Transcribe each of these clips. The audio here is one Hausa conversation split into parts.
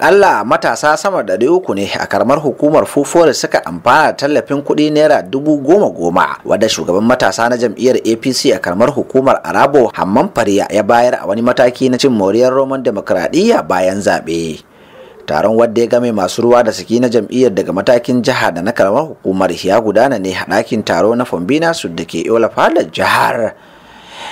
akalla matasa sama da uku ne a karamar hukumar fufore suka amfana da tallafin kuɗi naira dubu goma goma wadda shugaban matasa na jam'iyyar apc a karamar hukumar arabo hamman fariya ya bayar a wani mataki na cin moriyar roman demokradiyya bayan zaɓe taron wadda ya game masu ruwa da saki na jam'iyyar daga matakin jiha da na karamar hukumar ya gudana ne a ɗakin taro na fombina su da ke yola fadar jihar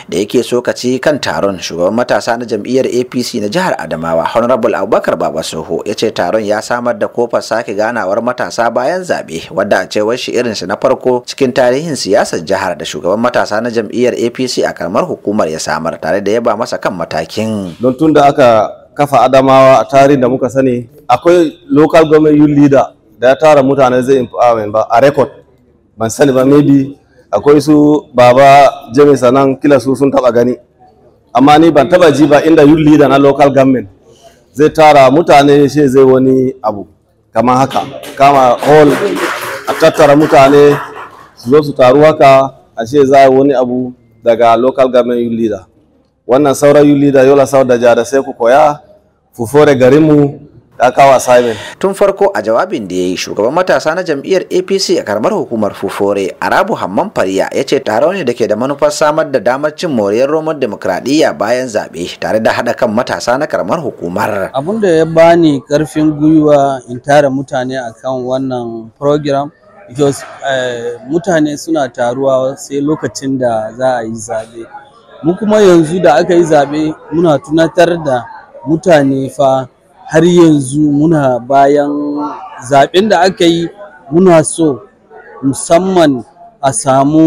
da yake sokaci kan taron shugaban matasa na jam'iyyar apc na jihar adamawa honorable abubakar baba soho ya ce taron ya samar da kofar sake ganawar matasa bayan zaɓe wadda a cewar shi irinsa na farko cikin tarihin siyasar jihar da shugaban matasa na jam'iyyar apc a karamar hukumar ya samar tare da ya ba masa kan matakin don tun da aka kafa adamawa a tarihin da muka sani akwai local government youth leader da ya tara mutane zai ba a record ban sani ba maybe akwai su baba Jami Sanan kila su sun taba gani amma ni ban taba ji ba inda youth leader na local government zai tara mutane shi zai wani abu kamar haka kama hall a tattara mutane su zo su taru haka a ce za wani abu daga local government youth leader wannan sauran youth leader yola sau da jada sai ku koya fufore garinmu Kakawa Simon. Tun farko a jawabin da ya yi shugaban matasa na jam'iyyar APC a karamar hukumar Fufore, Arabu Hamman Fariya ya ce taron ne da ke da manufar samar da damar cin moriyar Roman demokradiyya bayan zaɓe tare da haɗa kan matasa na karamar hukumar. Abin da ya bani ƙarfin gwiwa in tara mutane a kan wannan program because eh, mutane suna taruwa sai lokacin da za a yi zaɓe. Mu kuma yanzu da aka yi zaɓe muna tunatar da mutane fa har yanzu muna bayan zaɓen da aka yi muna so musamman a samu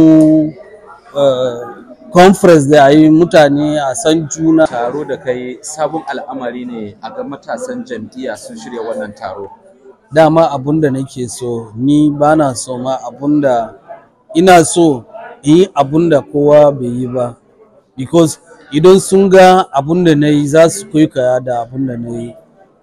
eh, conference da yi mutane a san juna taro da kai sabon al'amari ne a ga matasan jam'iyya sun shirya wannan taro dama abunda nake so ni ba so ma abunda ina so yi abunda kowa bai yi ba because idan sun ga abunda nayi na yi za su kwaikwaya da abunda da na yi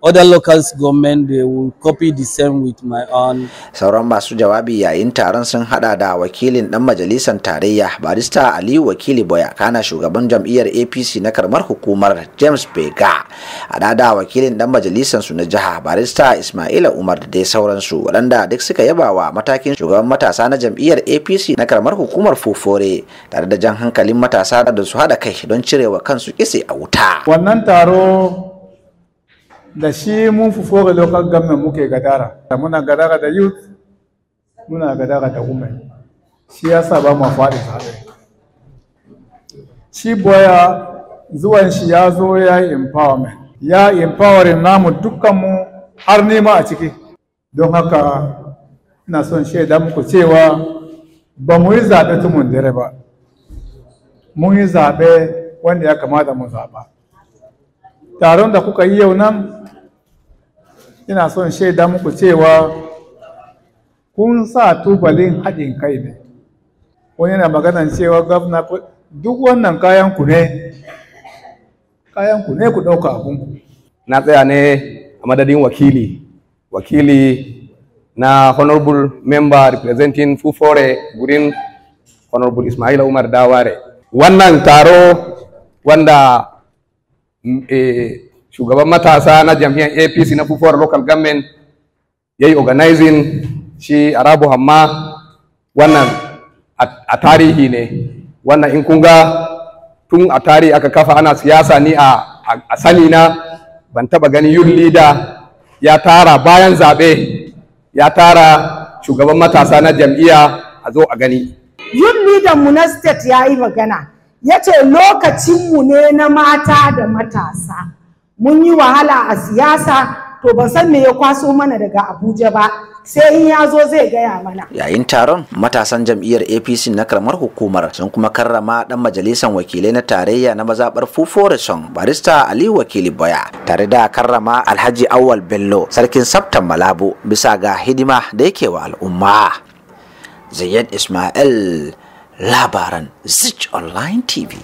other local government they will copy the same with my own sauran masu jawabi yayin taron sun hada da wakilin dan majalisar tarayya barista aliyu wakili boya kana shugaban jam'iyyar apc na karmar hukumar james bega hada da wakilin dan majalisar su na jiha barista ismaila umar da dai sauransu waɗanda duk suka yaba wa matakin shugaban matasa na jam'iyyar apc na karmar hukumar fufore tare da jan hankalin matasa da su hada kai don cirewa kansu kise a wuta wannan taro da shi mun fora local government muke gadara da muna gadara da youth muna gadara da women shi ya sa ba mu faɗi tare shi boya zuwan shi ya zo ya yi empowerment ya empowering namu dukkanmu har nema a ciki don haka ina son shaida muku cewa ba mu yi zaɓe tumun dare ba mun yi zaɓe wanda ya kamata mu zaɓa taron da kuka yi yau nan ina son shaida muku cewa kun sa tubalin haɗin kai ne wani yana maganan cewa gwamna duk wannan kayan ku ne kayan ku ne ku ɗauka abun na tsaya ne a madadin wakili wakili na honorable member representing fufore gurin honorable Isma'il umar daware wannan taro wanda Eh, shugaban matasa na jam'iyyar apc na fufuwar local government ya yi organizing shi arabu hamma wannan a tarihi ne wannan in kun ga tun a tarihi aka kafa ana siyasa ni a, sani na ban taba gani yun leader ya tara bayan zaɓe ya tara shugaban matasa na jam'iyya a zo a gani yun leader mu na state ya yi magana ya ce lokacinmu ne na mata da matasa mun yi wahala a siyasa to ban san me ya kwaso mana daga Abuja ba sai in ya zo zai gaya mana. Yayin taron matasan jam'iyyar APC na karamar hukumar sun kuma karrama dan majalisar wakilai na tarayya na mazabar Fuforison barista Ali Wakili Baya tare da karrama Alhaji Awal Bello sarkin Sabtan Malabo bisa ga hidima da yake wa al'umma. Zayyad Ismail labaran zich online tv